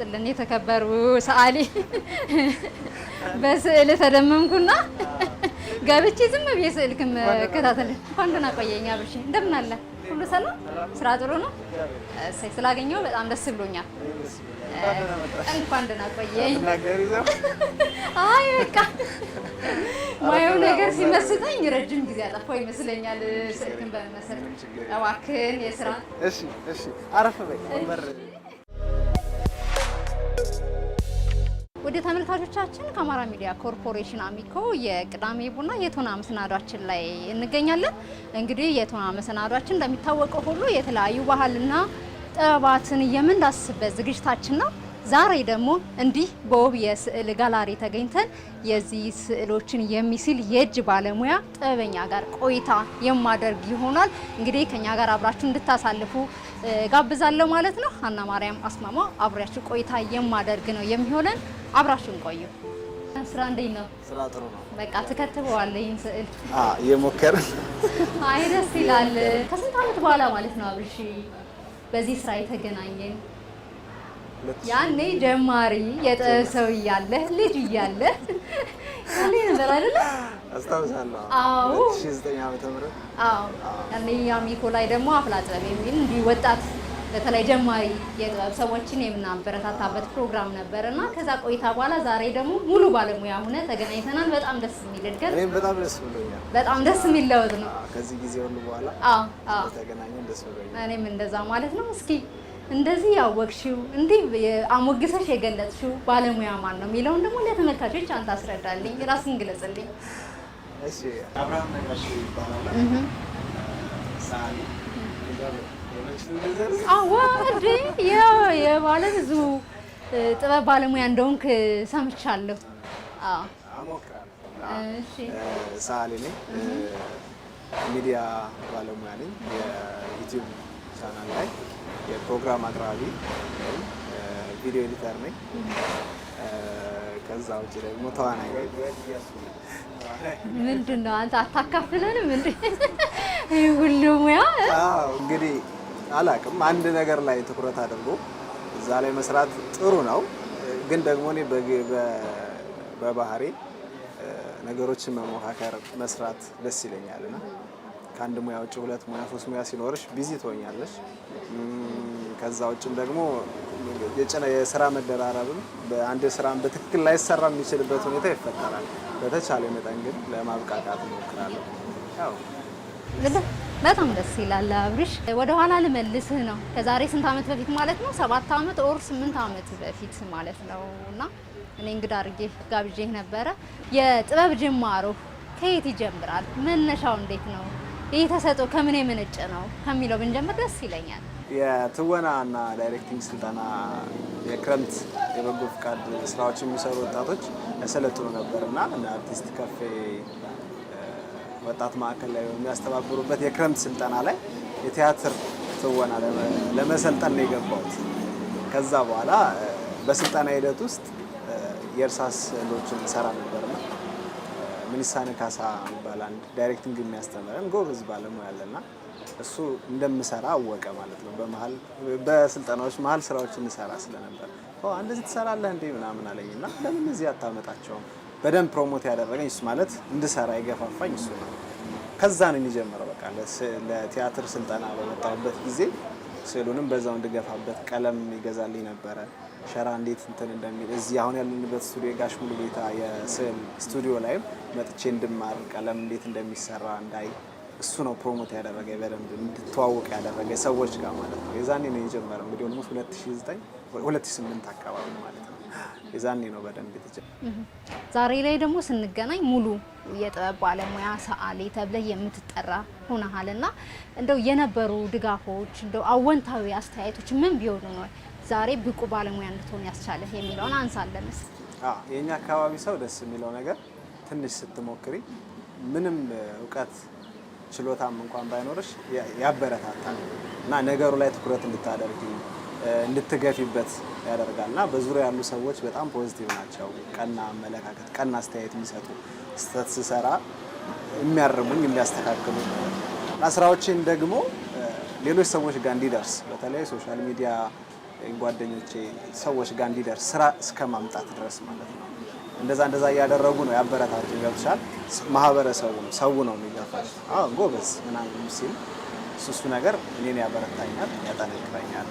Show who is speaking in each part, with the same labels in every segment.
Speaker 1: ይስጥልን የተከበሩ ሰዓሊ። በስዕል ተደመምኩና ገብቼ ዝም ብዬ ስዕል ከታተል እንኳን ደህና ቆየኝ። አብርሽ እንደምን አለ? ሁሉ ሰላም? ስራ ጥሩ ነው? እሰይ ስላገኘው በጣም ደስ ብሎኛል።
Speaker 2: እንኳን ደህና ቆየኝ።
Speaker 1: አይ በቃ ማየው ነገር ሲመስጠኝ ረጅም ጊዜ አጠፋው ይመስለኛል። ስልክን በመመሰል እባክህን የስራ
Speaker 2: እሺ፣ እሺ፣ አረፍ በይ
Speaker 1: ወደ ተመልካቾቻችን ከአማራ ሚዲያ ኮርፖሬሽን አሚኮ የቅዳሜ ቡና የቶና መሰናዷችን ላይ እንገኛለን። እንግዲህ የቶና መሰናዷችን እንደሚታወቀው ሁሉ የተለያዩ ባህልና ጥበባትን የምንዳስበት ዝግጅታችን ነው። ዛሬ ደግሞ እንዲህ በውብ የስዕል ጋላሪ ተገኝተን የዚህ ስዕሎችን የሚስል የእጅ ባለሙያ ጥበበኛ ጋር ቆይታ የማደርግ ይሆናል። እንግዲህ ከኛ ጋር አብራችሁ እንድታሳልፉ ጋብዛለሁ ማለት ነው። ሀና ማርያም አስማማ አብሬያችሁ ቆይታ የማደርግ ነው የሚሆነን። አብራችሁን ቆዩ። ስራ እንዴት ነው? ስራ ጥሩ ነው። በቃ ትከትበዋለህ ይህን ስዕል?
Speaker 2: እየሞከርን።
Speaker 1: አይ ደስ ይላል። ከስንት ዓመት በኋላ ማለት ነው አብርሽ በዚህ ስራ የተገናኘን ያኔ ጀማሪ የጥበብ ሰው እያለህ ልጅ እያለህ ያኔ ነበር አይደለ?
Speaker 2: አስታውሳለሁ። አዎ፣
Speaker 1: ያኔ አሚኮ ላይ ደግሞ አፍላ ጥበብ የሚል እንዲህ ወጣት በተለይ ጀማሪ የጥበብ ሰዎችን የምናበረታታበት ፕሮግራም ነበር እና ከዛ ቆይታ በኋላ ዛሬ ደግሞ ሙሉ ባለሙያ ሆነ ተገናኝተናል። በጣም ደስ የሚል እድገት፣
Speaker 2: በጣም ደስ ብሎኛል።
Speaker 1: በጣም ደስ የሚል ለውጥ
Speaker 2: ነው ከዚህ ጊዜ ሁሉ በኋላ። ተገናኘን፣ ደስ ብሎኛል።
Speaker 1: እኔም እንደዛ ማለት ነው። እስኪ እንደዚህ ያወቅሽው እንዲህ አሞግሰሽ የገለጽሽው ባለሙያ ማን ነው የሚለውን ደግሞ ለተመልካቾች አንተ አስረዳልኝ፣ ራስን ግለጽልኝ።
Speaker 2: አብርሃም ነጋሽ ይባላል።
Speaker 1: የባለ ብዙ ጥበብ ባለሙያ እንደሆንክ ሰምቻለሁ።
Speaker 2: ሳሊ ነኝ፣ ሚዲያ ባለሙያ ነኝ። የዩቲዩብ ቻናል ላይ የፕሮግራም አቅራቢ ቪዲዮ ኤዲተር ነኝ። ከዛ ውጭ ደግሞ ተዋናይ ነኝ።
Speaker 1: ምንድን ነው አንተ አታካፍለንም ምንድ ይህ ሁሉ ሙያ
Speaker 2: እንግዲህ አላቅም። አንድ ነገር ላይ ትኩረት አድርጎ እዛ ላይ መስራት ጥሩ ነው፣ ግን ደግሞ እኔ በባህሪ ነገሮችን መሞካከር መስራት ደስ ይለኛል እና ከአንድ ሙያ ውጭ ሁለት ሙያ ሶስት ሙያ ሲኖርሽ ቢዚ ትሆኛለሽ። ከዛ ውጭም ደግሞ የስራ መደራረብም በአንድ ስራም በትክክል ላይሰራ የሚችልበት ሁኔታ ይፈጠራል። በተቻለ መጠን ግን ለማብቃቃት እሞክራለሁ።
Speaker 1: በጣም ደስ ይላል። አብርሽ ወደ ኋላ ልመልስህ ነው። ከዛሬ ስንት ዓመት በፊት ማለት ነው? ሰባት አመት ኦር ስምንት አመት በፊት ማለት ነው። እና እኔ እንግዳ አድርጌ ጋብዤህ ነበረ። የጥበብ ጅማሮ ከየት ይጀምራል? መነሻው እንዴት ነው? ይህ ተሰጦ ከምን የመነጨ ነው ከሚለው ብንጀምር ደስ ይለኛል።
Speaker 2: የትወና እና ዳይሬክቲንግ ስልጠና የክረምት የበጎ ፍቃድ ስራዎች የሚሰሩ ወጣቶች ያሰለጥኑ ነበር እና እንደ አርቲስት ካፌ ወጣት ማዕከል ላይ የሚያስተባብሩበት የክረምት ስልጠና ላይ የቲያትር ትወና ለመሰልጠን ነው የገባሁት። ከዛ በኋላ በስልጠና ሂደት ውስጥ የእርሳስ ስዕሎችን ሰራ ነበር ምልሳነ ካሳ የሚባል አንድ ዳይሬክቲንግ የሚያስተምረን ጎበዝ ባለሙያ አለና እሱ እንደምሰራ አወቀ ማለት ነው። በመሀል በስልጠናዎች መሀል ስራዎች እንሰራ ስለነበር እንደዚህ ትሰራለህ እንዴ ምናምን አለኝ እና ለምን እዚህ አታመጣቸውም? በደንብ ፕሮሞት ያደረገኝ እሱ ማለት እንድሰራ የገፋፋኝ እሱ ነው። ከዛ ነው የሚጀምረው። በቃ ለቲያትር ስልጠና በመጣሁበት ጊዜ ስዕሉንም በዛው እንድገፋበት ቀለም ይገዛልኝ ነበረ። ሸራ እንዴት እንትን እንደሚል እዚህ አሁን ያለንበት ስቱዲዮ ጋሽ ሙሉ ጌታ የስዕል ስቱዲዮ ላይም መጥቼ እንድማር ቀለም እንዴት እንደሚሰራ እንዳይ እሱ ነው ፕሮሞት ያደረገ በደንብ እንድትዋወቅ ያደረገ ሰዎች ጋር ማለት ነው። የዛኔ ነው የጀመረው እንግዲህ ኦልሞስት 2009 2008 አካባቢ ማለት ነው። የዛኔ ነው በደንብ የተጀመረ።
Speaker 1: ዛሬ ላይ ደግሞ ስንገናኝ ሙሉ የጥበብ ባለሙያ ሰዓሊ ተብለህ የምትጠራ ሆነሃል እና እንደው የነበሩ ድጋፎች እንደው አወንታዊ አስተያየቶች ምን ቢሆኑ ነው ዛሬ ብቁ ባለሙያ እንድትሆን ያስቻለህ የሚለውን አንሳለን
Speaker 2: የእኛ አካባቢ ሰው ደስ የሚለው ነገር ትንሽ ስትሞክሪ ምንም እውቀት ችሎታም እንኳን ባይኖርሽ ያበረታታል እና ነገሩ ላይ ትኩረት እንድታደርጊ እንድትገፊበት ያደርጋል እና በዙሪያ ያሉ ሰዎች በጣም ፖዚቲቭ ናቸው። ቀና አመለካከት፣ ቀና አስተያየት የሚሰጡ ስህተት ስሰራ የሚያርሙኝ የሚያስተካክሉ እና ስራዎችን ደግሞ ሌሎች ሰዎች ጋር እንዲደርስ በተለይ ሶሻል ሚዲያ ጓደኞቼ ሰዎች ጋር እንዲደርስ ስራ እስከ ማምጣት ድረስ ማለት ነው። እንደዛ እንደዛ እያደረጉ ነው ያበረታቱ። ገብቶሻል? ማህበረሰቡም ሰው ነው የሚገፋል። አዎ ጎበዝ ምናምን ሲል እሱ ነገር እኔን ያበረታኛል፣ ያጠነክረኛል።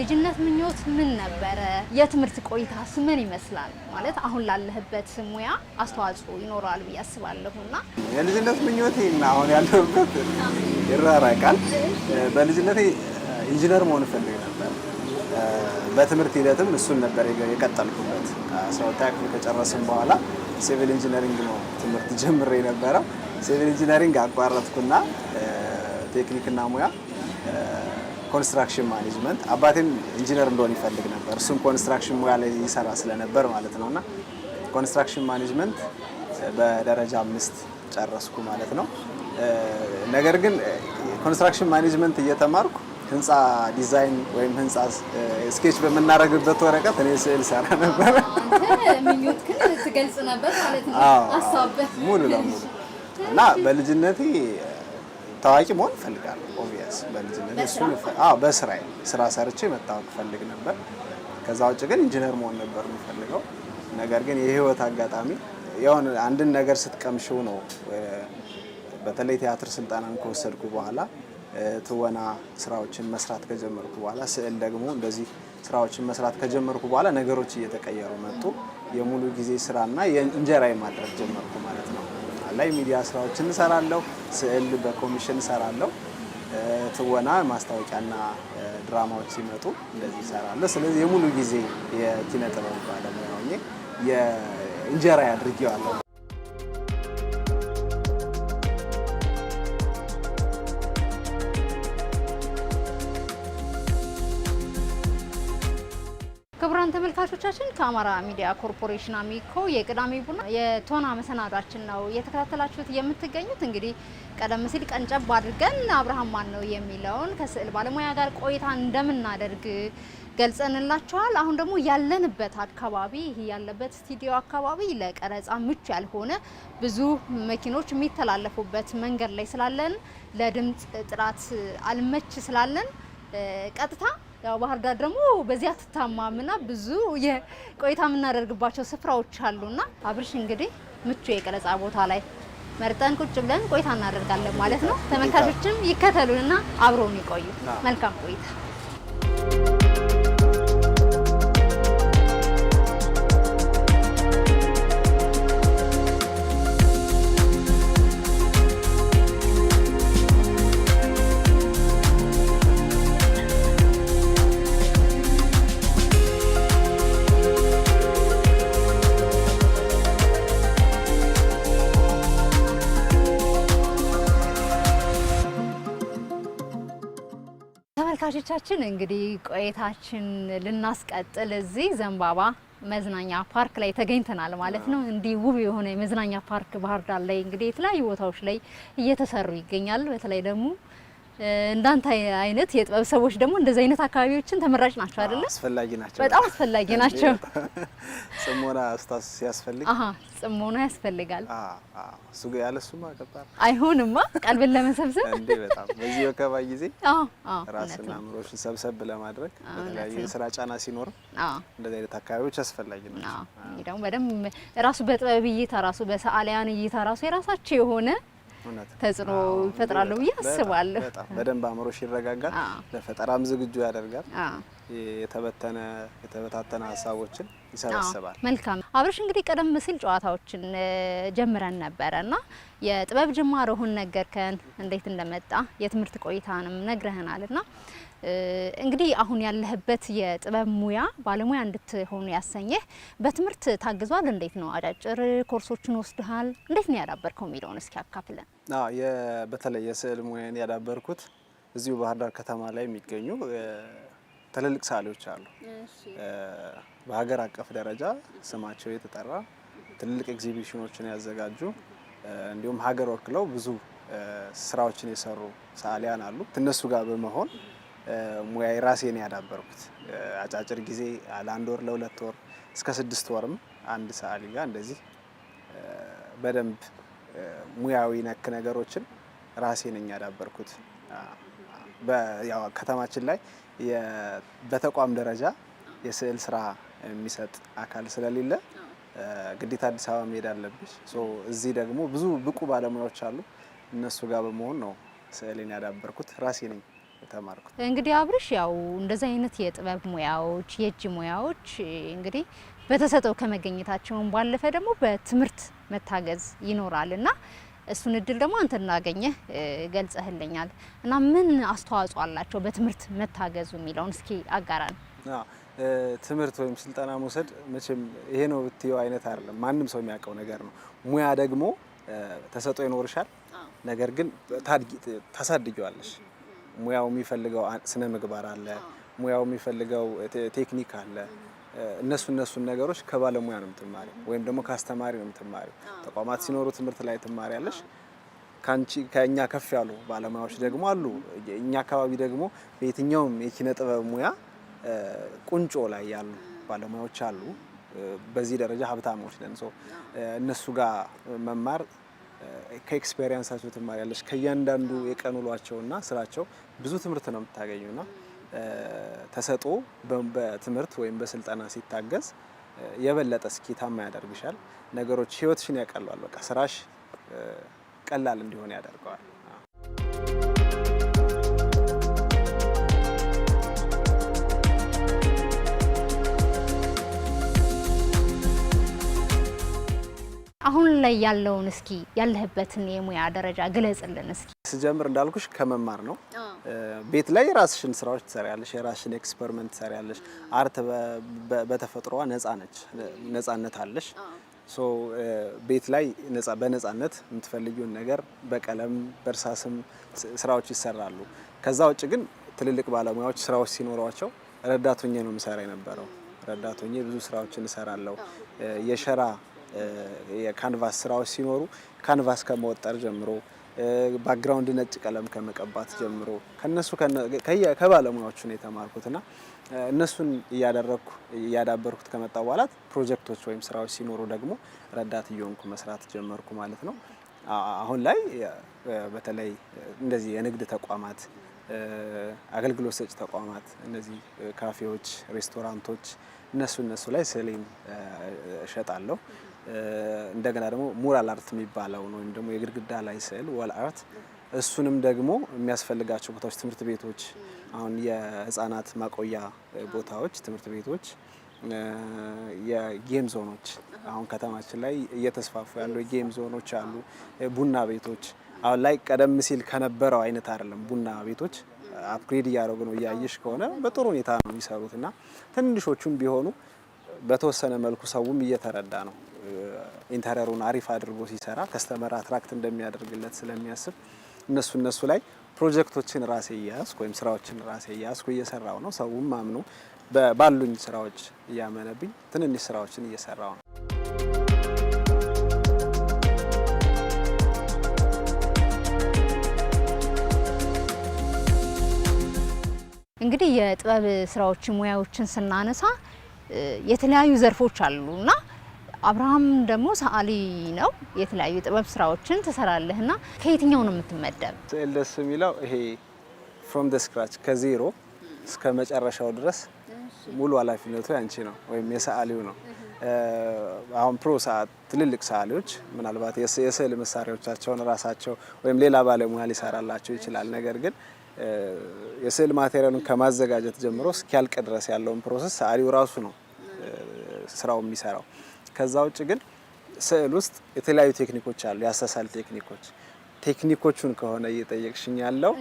Speaker 1: የልጅነት ምኞት ምን ነበረ? የትምህርት ቆይታስ ምን ይመስላል? ማለት አሁን ላለህበት ሙያ አስተዋጽኦ ይኖረዋል ብዬ አስባለሁና
Speaker 2: የልጅነት ምኞቴና አሁን ያለሁበት ይራራቃል። በልጅነቴ ኢንጂነር መሆን እፈልግ ነበር። በትምህርት ሂደትም እሱን ነበር የቀጠልኩበት። አስራሁለተኛ ክፍል ከጨረስም በኋላ ሲቪል ኢንጂነሪንግ ነው ትምህርት ጀምሬ የነበረው። ሲቪል ኢንጂነሪንግ አቋረጥኩና ቴክኒክና ሙያ ኮንስትራክሽን ማኔጅመንት አባቴም ኢንጂነር እንደሆን ይፈልግ ነበር። እሱም ኮንስትራክሽን ሙያ ላይ ይሰራ ስለነበር ማለት ነው እና ኮንስትራክሽን ማኔጅመንት በደረጃ አምስት ጨረስኩ ማለት ነው። ነገር ግን ኮንስትራክሽን ማኔጅመንት እየተማርኩ ህንፃ ዲዛይን ወይም ህንፃ ስኬች በምናደርግበት ወረቀት እኔ ስዕል ሰራ ነበር።
Speaker 1: ትገልጽ ነበር ማለት ነው
Speaker 2: ሙሉ ለሙሉ እና በልጅነቴ ታዋቂ መሆን እፈልጋለሁ። ኦቪየስ በልጅነት እሱ አዎ፣ ስራ ሰርቼ መታወቅ ፈልግ ነበር። ከዛ ውጭ ግን ኢንጂነር መሆን ነበር የምፈልገው። ነገር ግን የህይወት አጋጣሚ የሆነ አንድን ነገር ስትቀምሽው ነው። በተለይ ቲያትር ስልጠናን ከወሰድኩ በኋላ ትወና ስራዎችን መስራት ከጀመርኩ በኋላ ስዕል ደግሞ እንደዚህ ስራዎችን መስራት ከጀመርኩ በኋላ ነገሮች እየተቀየሩ መጡ። የሙሉ ጊዜ ስራና የእንጀራዬ ማድረግ ጀመርኩ ማለት ነው። ላይ ሚዲያ ስራዎችን እንሰራለሁ። ስዕል በኮሚሽን እሰራለሁ። ትወና፣ ማስታወቂያና ድራማዎች ሲመጡ እንደዚህ እሰራለሁ። ስለዚህ የሙሉ ጊዜ የኪነ ጥበብ ባለሙያ ሆኜ የእንጀራ ያድርጌዋለሁ።
Speaker 1: ተመልካቾቻችን ከአማራ ሚዲያ ኮርፖሬሽን አሚኮ የቅዳሜ ቡና የቶና መሰናዷችን ነው እየተከታተላችሁት የምትገኙት። እንግዲህ ቀደም ሲል ቀንጨብ አድርገን አብርሃም ማን ነው የሚለውን ከስዕል ባለሙያ ጋር ቆይታ እንደምናደርግ ገልጸንላችኋል። አሁን ደግሞ ያለንበት አካባቢ ይህ ያለበት ስቱዲዮ አካባቢ ለቀረጻ ምቹ ያልሆነ ብዙ መኪኖች የሚተላለፉበት መንገድ ላይ ስላለን ለድምፅ ጥራት አልመች ስላለን ቀጥታ ያው ባህር ዳር ደግሞ በዚህ ትታማምና ብዙ ቆይታ የምናደርግባቸው ስፍራዎች አሉና አብርሽ እንግዲህ ምቹ የቀረጻ ቦታ ላይ መርጠን ቁጭ ብለን ቆይታ እናደርጋለን ማለት ነው። ተመልካቾችም ይከተሉንና አብረውን ይቆዩ። መልካም ቆይታ ተመልካቾቻችን እንግዲህ ቆይታችን ልናስቀጥል እዚህ ዘንባባ መዝናኛ ፓርክ ላይ ተገኝተናል ማለት ነው። እንዲህ ውብ የሆነ የመዝናኛ ፓርክ ባህር ዳር ላይ እንግዲህ የተለያዩ ቦታዎች ላይ እየተሰሩ ይገኛል። በተለይ ደግሞ እንዳንተ አይነት የጥበብ ሰዎች ደግሞ እንደዚህ አይነት አካባቢዎችን ተመራጭ ናቸው አይደለ?
Speaker 2: አስፈላጊ ናቸው፣
Speaker 1: በጣም አስፈላጊ ናቸው።
Speaker 2: ጽሞና ስታስ ሲያስፈልግ፣
Speaker 1: አሃ ጽሞና ያስፈልጋል።
Speaker 2: እሱ ጋር ያለሱማ ከባድ
Speaker 1: አይሆንማ። ቀልብን ለመሰብሰብ
Speaker 2: እንዴ በጣም በዚህ ወከባ ጊዜ ራስን አእምሮሽን ሰብሰብ ለማድረግ በተለያዩ የስራ ጫና ሲኖር እንደዚህ አይነት አካባቢዎች አስፈላጊ ናቸው።
Speaker 1: ደግሞ በደንብ ራሱ በጥበብ እይታ ራሱ በሰዓሊያን እይታ ራሱ የራሳቸው የሆነ ተጽዕኖ ይፈጥራሉ ብዬ አስባለሁ።
Speaker 2: በደንብ አእምሮሽ ይረጋጋል፣ ለፈጠራም ዝግጁ ያደርጋል። የተበተነ የተበታተነ ሀሳቦችን ይሰበስባል።
Speaker 1: መልካም አብረሽ፣ እንግዲህ ቀደም ሲል ጨዋታዎችን ጀምረን ነበረ እና የጥበብ ጅማሮህን ነገርከን፣ እንዴት እንደመጣ የትምህርት ቆይታንም ነግረህናልና እንግዲህ አሁን ያለህበት የጥበብ ሙያ ባለሙያ እንድትሆኑ ያሰኘህ በትምህርት ታግዟል? እንዴት ነው? አጫጭር ኮርሶችን ወስድሃል? እንዴት ነው ያዳበርከው የሚለውን እስኪ አካፍለን።
Speaker 2: በተለይ የስዕል ሙያን ያዳበርኩት እዚሁ ባህር ዳር ከተማ ላይ የሚገኙ ትልልቅ ሰዓሊዎች አሉ። በሀገር አቀፍ ደረጃ ስማቸው የተጠራ ትልልቅ ኤግዚቢሽኖችን ያዘጋጁ እንዲሁም ሀገር ወክለው ብዙ ስራዎችን የሰሩ ሰዓሊያን አሉ። እነሱ ጋር በመሆን ሙያ ራሴን ያዳበርኩት። አጫጭር ጊዜ ለአንድ ወር፣ ለሁለት ወር እስከ ስድስት ወርም አንድ ሰዓሊ ጋር እንደዚህ በደንብ ሙያዊ ነክ ነገሮችን ራሴ ነኝ ያዳበርኩት። ከተማችን ላይ በተቋም ደረጃ የስዕል ስራ የሚሰጥ አካል ስለሌለ ግዴታ አዲስ አበባ መሄድ አለብሽ። እዚህ ደግሞ ብዙ ብቁ ባለሙያዎች አሉ። እነሱ ጋር በመሆን ነው ስዕልን ያዳበርኩት ራሴ ነኝ። የተማርኩት።
Speaker 1: እንግዲህ አብርሽ ያው እንደዚህ አይነት የጥበብ ሙያዎች የእጅ ሙያዎች እንግዲህ በተሰጠው ከመገኘታቸውን ባለፈ ደግሞ በትምህርት መታገዝ ይኖራል እና እሱን እድል ደግሞ አንተ እንዳገኘህ ገልጸህልኛል እና ምን አስተዋጽኦ አላቸው በትምህርት መታገዙ የሚለውን እስኪ አጋራን።
Speaker 2: ትምህርት ወይም ስልጠና መውሰድ መቼም ይሄ ነው ብትየው አይነት አይደለም፣ ማንም ሰው የሚያውቀው ነገር ነው። ሙያ ደግሞ ተሰጦ ይኖርሻል፣ ነገር ግን ታሳድጊዋለሽ ሙያው የሚፈልገው ስነ ምግባር አለ፣ ሙያው የሚፈልገው ቴክኒክ አለ። እነሱ እነሱን ነገሮች ከባለሙያ ነው የምትማሪ ወይም ደግሞ ከአስተማሪ ነው የምትማሪ። ተቋማት ሲኖሩ ትምህርት ላይ ትማሪ ያለሽ ከእኛ ከፍ ያሉ ባለሙያዎች ደግሞ አሉ። እኛ አካባቢ ደግሞ በየትኛውም የኪነ ጥበብ ሙያ ቁንጮ ላይ ያሉ ባለሙያዎች አሉ። በዚህ ደረጃ ሀብታሞች ነን። እነሱ ጋር መማር ከኤክስፔሪንሳቸው ትማሪያለች ከእያንዳንዱ የቀን ና ስራቸው ብዙ ትምህርት ነው የምታገኙና ተሰጦ በትምህርት ወይም በስልጠና ሲታገዝ የበለጠ ስኬታማ ያደርግሻል። ነገሮች ህይወትሽን ያቀሏል። በቃ ስራሽ ቀላል እንዲሆን ያደርገዋል።
Speaker 1: አሁን ላይ ያለውን እስኪ ያለህበትን የሙያ ደረጃ ግለጽልን። እስኪ
Speaker 2: ስጀምር እንዳልኩሽ ከመማር ነው። ቤት ላይ የራስሽን ስራዎች ትሰሪያለሽ፣ የራስሽን ኤክስፐሪመንት ትሰሪያለሽ። አርት በተፈጥሮዋ ነጻ ነች፣ ነጻነት አለሽ። ሶ ቤት ላይ በነጻነት የምትፈልጊውን ነገር በቀለም በእርሳስም ስራዎች ይሰራሉ። ከዛ ውጭ ግን ትልልቅ ባለሙያዎች ስራዎች ሲኖሯቸው ረዳት ነው የምሰራ የነበረው። ረዳት ብዙ ስራዎችን እሰራለሁ። የሸራ የካንቫስ ስራዎች ሲኖሩ ካንቫስ ከመወጠር ጀምሮ ባክግራውንድ ነጭ ቀለም ከመቀባት ጀምሮ ከነሱ ከባለሙያዎቹ ነው የተማርኩትና እነሱን እያደረግኩ እያዳበርኩት ከመጣ በኋላ ፕሮጀክቶች ወይም ስራዎች ሲኖሩ ደግሞ ረዳት እየሆንኩ መስራት ጀመርኩ ማለት ነው። አሁን ላይ በተለይ እንደዚህ የንግድ ተቋማት፣ አገልግሎት ሰጭ ተቋማት፣ እነዚህ ካፌዎች፣ ሬስቶራንቶች እነሱ እነሱ ላይ ስዕሌን እሸጣለሁ። እንደገና ደግሞ ሙራል አርት የሚባለውን ወይም ደግሞ የግድግዳ ላይ ስዕል ወል አርት እሱንም ደግሞ የሚያስፈልጋቸው ቦታዎች ትምህርት ቤቶች፣ አሁን የህፃናት ማቆያ ቦታዎች፣ ትምህርት ቤቶች፣ የጌም ዞኖች አሁን ከተማችን ላይ እየተስፋፉ ያሉ የጌም ዞኖች አሉ። ቡና ቤቶች አሁን ላይ ቀደም ሲል ከነበረው አይነት አይደለም። ቡና ቤቶች አፕግሬድ እያደረጉ ነው። እያየሽ ከሆነ በጥሩ ሁኔታ ነው የሚሰሩት እና ትንሾቹም ቢሆኑ በተወሰነ መልኩ ሰውም እየተረዳ ነው። ኢንተረሩን አሪፍ አድርጎ ሲሰራ ከስተመር አትራክት እንደሚያደርግለት ስለሚያስብ እነሱ እነሱ ላይ ፕሮጀክቶችን ራሴ እያያዝኩ ወይም ስራዎችን ራሴ እያያዝኩ እየሰራው ነው። ሰውም አምኖ ባሉኝ ስራዎች እያመነብኝ ትንንሽ ስራዎችን እየሰራው ነው።
Speaker 1: እንግዲህ የጥበብ ስራዎችን ሙያዎችን ስናነሳ የተለያዩ ዘርፎች አሉ እና አብርሃም ደግሞ ሰዓሊ ነው። የተለያዩ ጥበብ ስራዎችን ትሰራለህ ና ከየትኛው ነው የምትመደብ?
Speaker 2: ስዕል ደስ የሚለው ይሄ ፍሮም ስክራች ከዜሮ እስከ መጨረሻው ድረስ ሙሉ ኃላፊነቱ ያንቺ ነው ወይም የሰዓሊው ነው። አሁን ፕሮ ሰዓት ትልልቅ ሰዓሊዎች ምናልባት የስዕል መሳሪያዎቻቸውን ራሳቸው ወይም ሌላ ባለሙያ ሊሰራላቸው ይችላል። ነገር ግን የስዕል ማቴሪያሉን ከማዘጋጀት ጀምሮ እስኪያልቅ ድረስ ያለውን ፕሮሰስ ሰዓሊው ራሱ ነው ስራው የሚሰራው። ከዛ ውጭ ግን ስዕል ውስጥ የተለያዩ ቴክኒኮች አሉ። ያሳሳል ቴክኒኮች ቴክኒኮቹን ከሆነ እየጠየቅሽኝ ያለው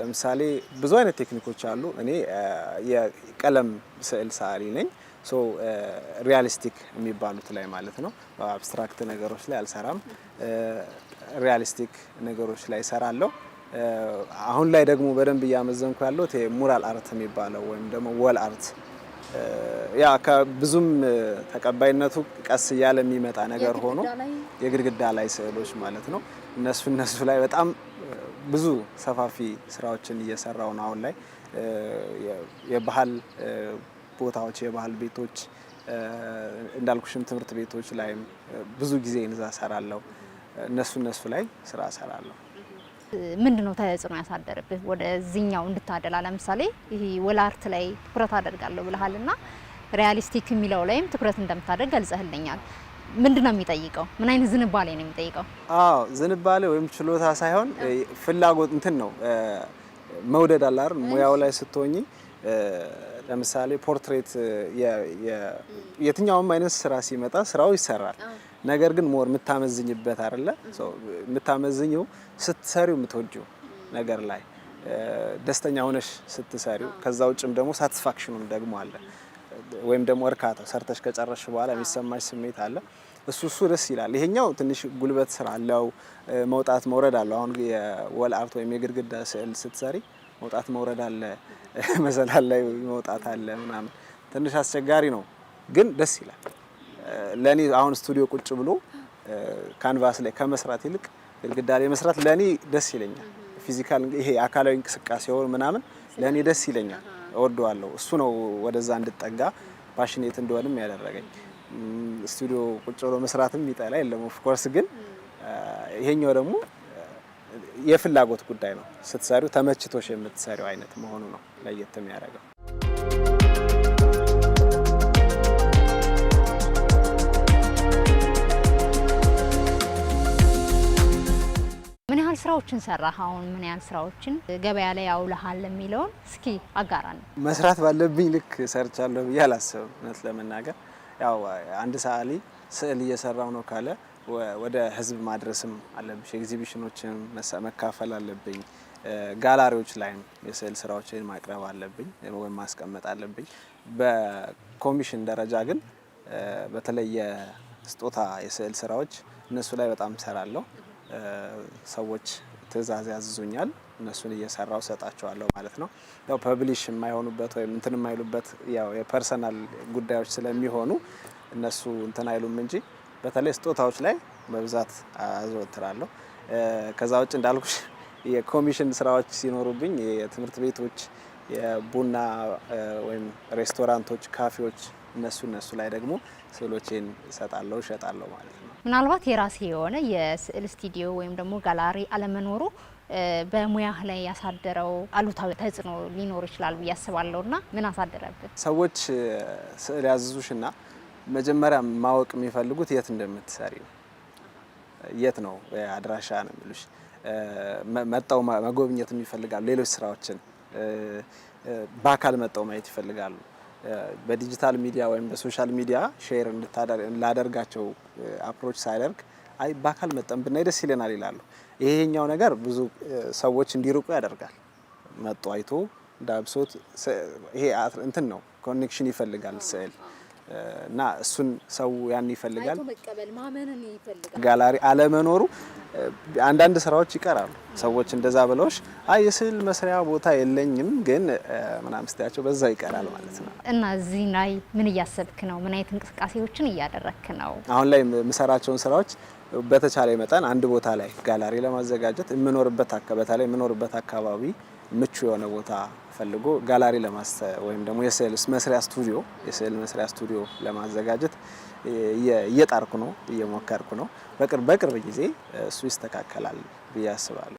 Speaker 2: ለምሳሌ ብዙ አይነት ቴክኒኮች አሉ። እኔ የቀለም ስዕል ሰዓሊ ነኝ። ሶ ሪያሊስቲክ የሚባሉት ላይ ማለት ነው። አብስትራክት ነገሮች ላይ አልሰራም። ሪያሊስቲክ ነገሮች ላይ እሰራለሁ። አሁን ላይ ደግሞ በደንብ እያመዘንኩ ያለሁት ሙራል አርት የሚባለው ወይም ደግሞ ወል አርት ያ ከብዙም ተቀባይነቱ ቀስ እያለ የሚመጣ ነገር ሆኖ የግድግዳ ላይ ስዕሎች ማለት ነው። እነሱ እነሱ ላይ በጣም ብዙ ሰፋፊ ስራዎችን እየሰራው ነው አሁን ላይ የባህል ቦታዎች፣ የባህል ቤቶች እንዳልኩሽም ትምህርት ቤቶች ላይም ብዙ ጊዜ እንዛ ሰራለሁ። እነሱ እነሱ ላይ ስራ ሰራለሁ።
Speaker 1: ምንድን ነው ተጽዕኖ ያሳደረብህ ወደዚህኛው እንድታደላ? ለምሳሌ ይህ ወላርት አርት ላይ ትኩረት አደርጋለሁ ብለሃል ና ሪያሊስቲክ የሚለው ላይም ትኩረት እንደምታደርግ ገልጸህልኛል። ምንድን ነው የሚጠይቀው? ምን አይነት ዝንባሌ ነው የሚጠይቀው?
Speaker 2: አዎ ዝንባሌ ወይም ችሎታ ሳይሆን ፍላጎት እንትን ነው መውደድ አላር ሙያው ላይ ስትሆኝ ለምሳሌ ፖርትሬት የትኛውም አይነት ስራ ሲመጣ ስራው ይሰራል። ነገር ግን ሞር የምታመዝኝበት አይደለ የምታመዝኘው ስትሰሪው የምትወጂው ነገር ላይ ደስተኛ ሆነሽ ስትሰሪው፣ ከዛ ውጭም ደግሞ ሳትስፋክሽኑም ደግሞ አለ ወይም ደግሞ እርካታ ሰርተሽ ከጨረስሽ በኋላ የሚሰማሽ ስሜት አለ። እሱ እሱ ደስ ይላል። ይሄኛው ትንሽ ጉልበት ስራ አለው፣ መውጣት መውረድ አለው። አሁን የወል አርት ወይም የግድግዳ ስዕል ስትሰሪ መውጣት መውረድ አለ፣ መሰላል ላይ መውጣት አለ ምናምን፣ ትንሽ አስቸጋሪ ነው፣ ግን ደስ ይላል። ለእኔ አሁን ስቱዲዮ ቁጭ ብሎ ካንቫስ ላይ ከመስራት ይልቅ ግድግዳ ላይ መስራት ለእኔ ደስ ይለኛል። ፊዚካል ይሄ አካላዊ እንቅስቃሴ ሆኖ ምናምን ለእኔ ደስ ይለኛል፣ እወደዋለሁ። እሱ ነው ወደዛ እንድጠጋ ፓሽኔት እንደሆንም ያደረገኝ። ስቱዲዮ ቁጭ ብሎ መስራትም የሚጠላ የለም ኦፍኮርስ። ግን ይሄኛው ደግሞ የፍላጎት ጉዳይ ነው። ስትሰሪው ተመችቶሽ የምትሰሪው አይነት መሆኑ ነው ለየት የሚያደርገው።
Speaker 1: ስራዎችን ሰራሃውን አሁን ምን ያህል ስራዎችን ገበያ ላይ ያውልሃል የሚለውን እስኪ አጋራ ነው።
Speaker 2: መስራት ባለብኝ ልክ ሰርቻለሁ ብዬ አላስብም። እውነት ለመናገር ያው አንድ ሰዓሊ ስዕል እየሰራው ነው ካለ ወደ ህዝብ ማድረስም አለብሽ። ኤግዚቢሽኖችን መካፈል አለብኝ። ጋላሪዎች ላይም የስዕል ስራዎችን ማቅረብ አለብኝ ወይም ማስቀመጥ አለብኝ። በኮሚሽን ደረጃ ግን በተለይ የስጦታ የስዕል ስራዎች እነሱ ላይ በጣም ሰራለሁ። ሰዎች ትዕዛዝ ያዝዙኛል። እነሱን እየሰራው ሰጣቸዋለሁ ማለት ነው። ያው ፐብሊሽ የማይሆኑበት ወይም እንትን የማይሉበት ያው የፐርሰናል ጉዳዮች ስለሚሆኑ እነሱ እንትን አይሉም እንጂ በተለይ ስጦታዎች ላይ በብዛት አዘወትራለሁ። ከዛ ውጭ እንዳልኩሽ የኮሚሽን ስራዎች ሲኖሩብኝ የትምህርት ቤቶች፣ የቡና ወይም ሬስቶራንቶች፣ ካፌዎች እነሱ እነሱ ላይ ደግሞ ስዕሎቼን እሰጣለሁ፣ እሸጣለሁ ማለት ነው።
Speaker 1: ምናልባት የራሴ የሆነ የስዕል ስቱዲዮ ወይም ደግሞ ጋላሪ አለመኖሩ በሙያህ ላይ ያሳደረው አሉታዊ ተጽዕኖ ሊኖር ይችላል ብዬ አስባለሁ። ና ምን አሳደረብን?
Speaker 2: ሰዎች ስዕል ያዝዙሽና መጀመሪያ ማወቅ የሚፈልጉት የት እንደምትሰሪ የት ነው አድራሻ ነው የሚሉሽ። መጣው መጎብኘት ይፈልጋሉ። ሌሎች ስራዎችን በአካል መጣው ማየት ይፈልጋሉ። በዲጂታል ሚዲያ ወይም በሶሻል ሚዲያ ሼር ላደርጋቸው አፕሮች ሳያደርግ አይ በአካል መጠን ብናይ ደስ ይለናል ይላሉ። ይሄኛው ነገር ብዙ ሰዎች እንዲርቁ ያደርጋል። መጡ አይቶ ዳብሶት ይሄ እንትን ነው ኮኔክሽን ይፈልጋል ስዕል እና እሱን ሰው ያን ይፈልጋል። ጋላሪ አለመኖሩ አንዳንድ ስራዎች ይቀራሉ። ሰዎች እንደዛ ብለውሽ አይ የስዕል መስሪያ ቦታ የለኝም ግን ምናምን ስትያቸው በዛ ይቀራል ማለት ነው። እና እዚህ ላይ ምን እያሰብክ ነው? ምን አይነት እንቅስቃሴዎችን እያደረክ ነው? አሁን ላይ የምሰራቸውን ስራዎች በተቻለ መጠን አንድ ቦታ ላይ ጋላሪ ለማዘጋጀት የምኖርበት በተለይ የምኖርበት አካባቢ ምቹ የሆነ ቦታ ፈልጎ ጋላሪ ወይም ደግሞ የስዕል መስሪያ ስቱዲዮ የስዕል መስሪያ ስቱዲዮ ለማዘጋጀት እየጣርኩ ነው፣ እየሞከርኩ ነው። በቅርብ በቅርብ ጊዜ እሱ ይስተካከላል ብዬ አስባለሁ።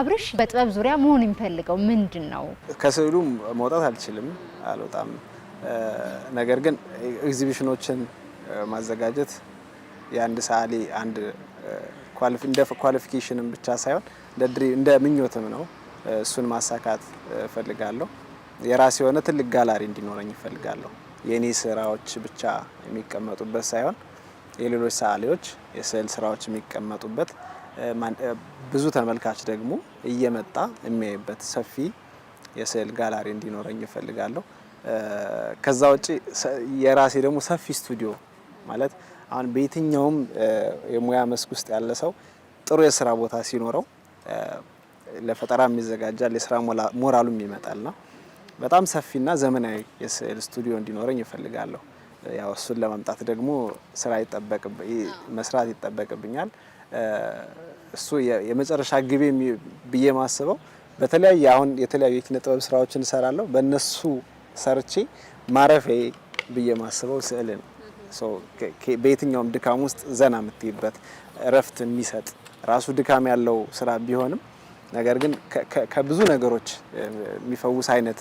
Speaker 2: አብርሽ በጥበብ ዙሪያ መሆን የሚፈልገው ምንድን ነው? ከስዕሉ መውጣት አልችልም፣ አልወጣም ነገር ግን ኤግዚቢሽኖችን ማዘጋጀት የአንድ ሰዓሊ አንድ እንደ ኳሊፊኬሽንም ብቻ ሳይሆን እንደ ምኞትም ነው። እሱን ማሳካት እፈልጋለሁ። የራሴ የሆነ ትልቅ ጋላሪ እንዲኖረኝ እፈልጋለሁ። የእኔ ስራዎች ብቻ የሚቀመጡበት ሳይሆን የሌሎች ሰዓሊዎች የስዕል ስራዎች የሚቀመጡበት፣ ብዙ ተመልካች ደግሞ እየመጣ የሚያይበት ሰፊ የስዕል ጋላሪ እንዲኖረኝ እፈልጋለሁ። ከዛ ውጭ የራሴ ደግሞ ሰፊ ስቱዲዮ ማለት አሁን በየትኛውም የሙያ መስክ ውስጥ ያለ ሰው ጥሩ የስራ ቦታ ሲኖረው ለፈጠራም ይዘጋጃል፣ የስራ ሞራሉም ይመጣልና በጣም ሰፊና ዘመናዊ የስዕል ስቱዲዮ እንዲኖረኝ ይፈልጋለሁ። ያው እሱን ለማምጣት ደግሞ ስራ መስራት ይጠበቅብኛል። እሱ የመጨረሻ ግቤ ብዬ ማስበው በተለያየ አሁን የተለያዩ የኪነ ጥበብ ስራዎች እሰራለሁ በእነሱ ሰርቼ ማረፌ ብዬ ማስበው ስዕል ነው። በየትኛውም ድካም ውስጥ ዘና የምትይበት እረፍት የሚሰጥ ራሱ ድካም ያለው ስራ ቢሆንም ነገር ግን ከብዙ ነገሮች የሚፈውስ አይነት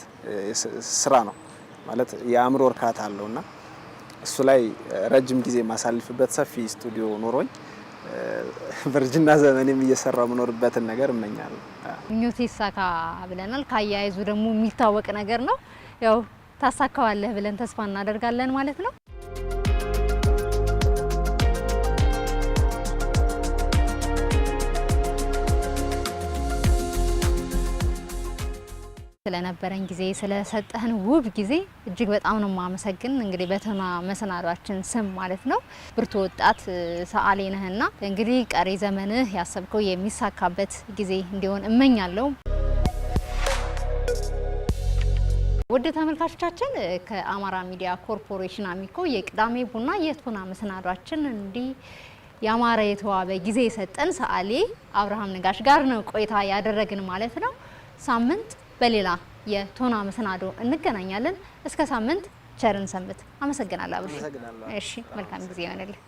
Speaker 2: ስራ ነው ማለት የአእምሮ እርካታ አለው እና እሱ ላይ ረጅም ጊዜ ማሳልፍበት ሰፊ ስቱዲዮ ኖሮኝ በእርጅና ዘመኔም እየሰራው የምኖርበትን ነገር እመኛለሁ። ምኞቴ ይሳካ ብለናል። ካያይዙ ደግሞ የሚታወቅ ነገር ነው። ያው ታሳካዋለህ ብለን ተስፋ እናደርጋለን ማለት ነው። ስለነበረን ጊዜ ስለሰጠህን ውብ ጊዜ እጅግ በጣም ነው ማመሰግን። እንግዲህ በተና መሰናዷችን ስም ማለት ነው ብርቱ ወጣት ሰዓሊ ነህና እንግዲህ ቀሪ ዘመንህ ያሰብከው የሚሳካበት ጊዜ እንዲሆን እመኛለሁ። ውድ ተመልካቾቻችን ከአማራ ሚዲያ ኮርፖሬሽን አሚኮ የቅዳሜ ቡና የቶና መሰናዷችን እንዲህ ያማረ የተዋበ ጊዜ የሰጠን ሰአሌ አብርሃም ነጋሽ ጋር ነው ቆይታ ያደረግን ማለት ነው። ሳምንት በሌላ የቶና መሰናዶ እንገናኛለን። እስከ ሳምንት ቸርን ሰንብት። አመሰግናለሁ አብሽ። እሺ መልካም ጊዜ ይሆንልህ።